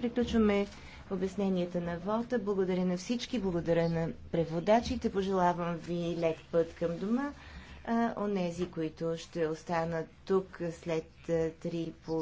Приключваме обясненията на Вота. Благодаря на всички, благодаря на преводачите. Пожелавам ви лек път към дома. онези, които ще останат тук след 3 по